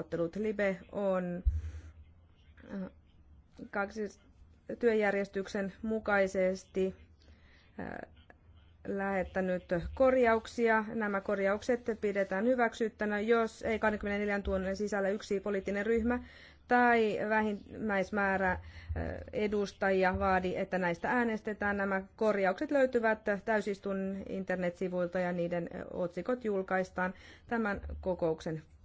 neuvottelut. Libe on äh, kaksi työjärjestyksen mukaisesti äh, lähettänyt korjauksia. Nämä korjaukset pidetään hyväksyttänä, jos ei 24 tunnin sisällä yksi poliittinen ryhmä tai vähimmäismäärä äh, edustajia vaadi, että näistä äänestetään. Nämä korjaukset löytyvät täysistun internetsivuilta ja niiden otsikot julkaistaan tämän kokouksen